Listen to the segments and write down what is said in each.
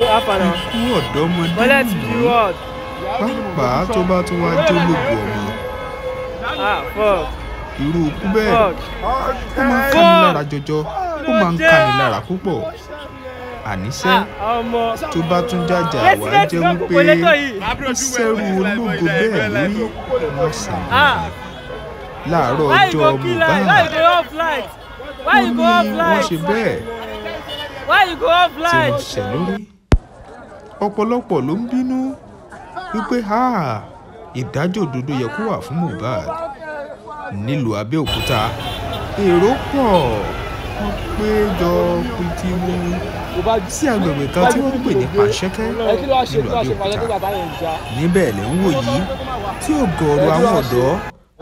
ikú ọ̀dọ́mọdé nìyí pàápàá tó bá tún wá jó lògbò ọ̀mọ́ ah, irú ikú bẹ́ẹ̀ ó máa ń kani lára jọjọ ó máa ń kani lára púpọ̀ àníṣe ah, tó bá tún jàjà wá jẹ́ wípé sẹ́rù ológo bẹ́ẹ̀ lórí lọ́sàn-án ah. láàárọ̀ ọjọ́ Mohbad ó ní wọ́n ṣe bẹ́ẹ̀ tí wọ́n ṣẹ̀ lórí ọ̀pọ̀lọpọ̀ ló ń bínú wípé ha ìdájọ́ òdodo yẹ kó wà fún Mohbad nílùú Abẹ́òkúta èrò pọ̀ wọ́n péjọ pitiwu sí agbègbè kan tí wọ́n ń pè ní Pàṣẹ́kẹ́ nílùú Abẹ́òkúta níbẹ̀ lẹ́ ń wò yìí tí ọ̀gọ̀ọ̀rọ̀ àwọn ọ̀dọ́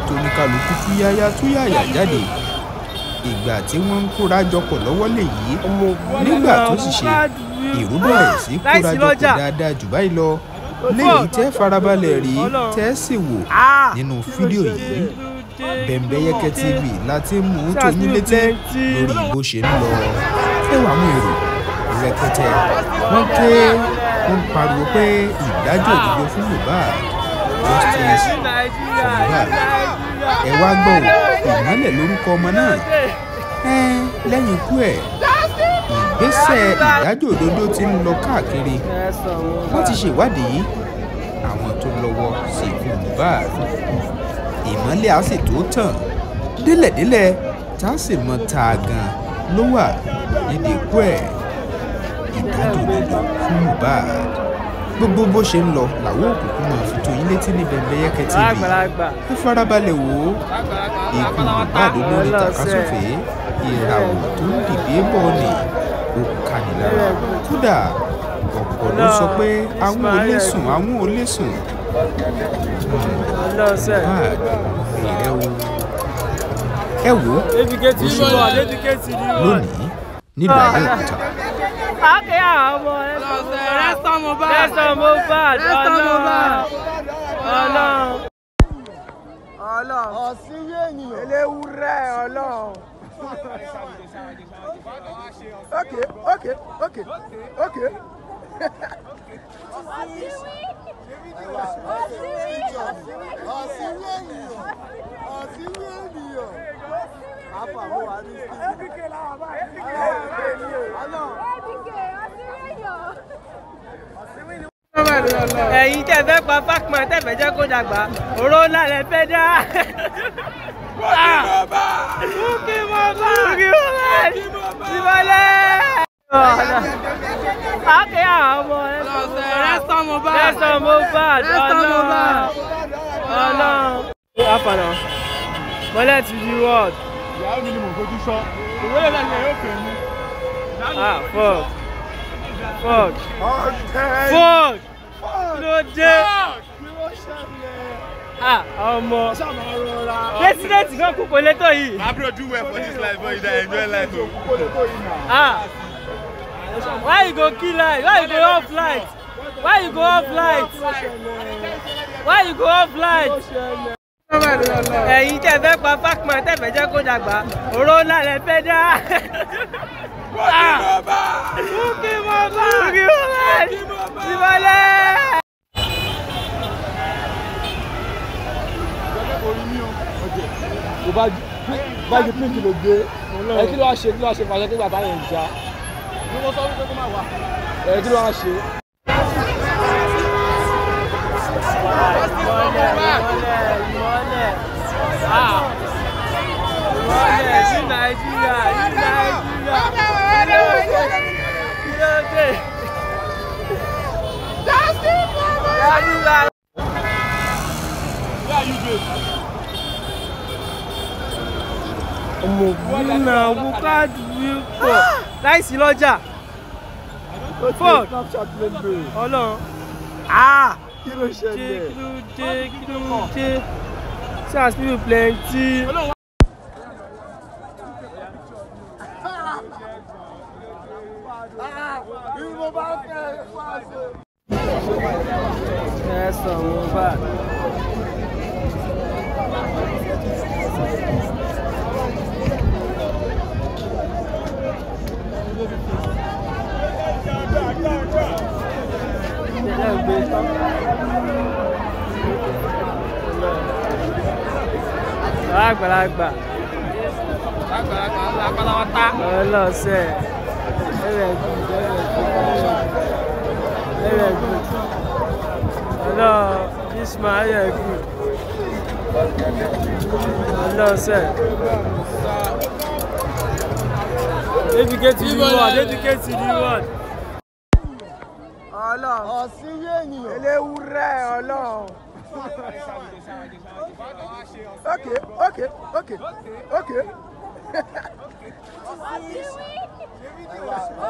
tóníkàlùkù túyáyá túyáyá jáde ìgbà tí wọ́n ń kóra jọpọ̀ lọ́wọ́ lèyí nígbà tó sì ṣe ìrú bẹ̀rẹ̀ sí kóra jọpọ̀ dáadáa jù báyìí lọ léyìí tẹ́ farabalẹ̀ rí tẹ́ sì wò nínú fídíò yìí Bembeyeke TV láti mú tòyín létí lórí bó ṣe ń lọ ẹwà àwọn èrò rẹpẹtẹ wọ́n ké wọ́n pariwo pé ìdájọ́ òdodo fún Mohbad christians ọ̀mùbá ẹ wá gbọ́ ìmọ̀lẹ̀ lórúkọ ọmọ náà lẹ́yìn ikú ẹ̀ ìgbésẹ̀ ìdájọ́ òdodo ti ń lọ káàkiri wọ́n ti ṣèwádìí àwọn tó lọ́wọ́ sí ikú Mohbad ìmọ̀lẹ̀ á sì tó tàn délẹ̀délẹ̀ tá a sì mọ ta gan ló wà nídìí ikú ẹ̀ ìdájọ́ òdodo fún Mohbad gbogbo bó ṣe ń lọ làwọn òkùnkùn máa fi tó yín létí ní Bembeyeke TV ẹ farabalẹ̀ wò ó ikú ìbàdàn lórí tàkásọ̀fẹ́ ìràwọ̀ tó ń dìde bọ̀ ni ó kanilára kódà ọ̀pọ̀ ló sọ pé àwọn ò lè sùn àwọn ò lè sùn ẹ wò ó oṣù lónìí nílùú Abẹ́òkúta ọmọ rẹ́sítọ̀ Mohbad rẹ́sítọ̀ Mohbad ọlọ́run ọlọ́run. ọlọ́run ọ̀sìnwé ènìyàn eléwúrẹ́ ọlọ́run. ok ok ok ok. ọ̀sìnwé ọ̀sìnwé ọ̀sìnwé ènìyàn. ẹ̀yin tẹ́ fẹ́ pa Pakman tẹ́ fẹ́ jẹ́ kó dàgbà òró ńlá rẹ̀ fẹ́ dá. Bukki Mohbad Bukki Mohbad Ìmọ̀lẹ̀. Akẹ́ àwọn ọmọ rẹ́sán Mohbad rẹ́sán Mohbad ọlọ́run ọlọ́run. Afọ̀nà mọ́lẹ̀ ti di world. Ìyá mi ni mò ń fojú sọ, ìwé lè lẹ́yìn yóò pè mí. Ah, fuck. Fuck. Fuck kí ló dé. kí ló ṣẹlẹ̀. ọmọ president gan kú kò létò yìí. abro do well for this life but you dey enjoy life o. Oh. Ah, why you go kill light why you go off light why you go off light why you go off light ẹ̀yin tẹ́ fẹ́ pa Fakman tẹ́ fẹ́ jẹ́ kó dàgbà òró ńlá rẹ̀ fẹ́ dá. Bukimoba! Bukimoba! Bukimoba! Bukimoba! báàgì pínkì ló gbé ẹ kí ló wá ṣe kí ló wá ṣe fàṣẹ kí bàbá yẹn já. ẹ kí ló wá ṣe. ìmọ̀lẹ̀ ah, ọmọ ògùn náà wo káàdì yìí pọ̀ ah! láìsí lọ́jà ford ọlọ́run ah kí ló dé kí ló dé kí ló dé sars people plenty. Ẹ sọ̀rọ̀ báyìí. àgbàlagbà àgbàlagbà àgbàlagbà ta. ọlọsẹ ọlọ Ismail ọlọsẹ. Ọlọ́run ọ̀sìnyé ènìyàn eléwúrẹ́ Ọlọ́run ok ok ok ok. ọ̀sìnyé ènìyàn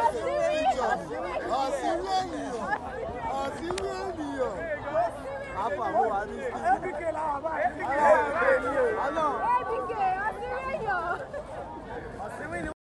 ọ̀sìnyé ènìyàn.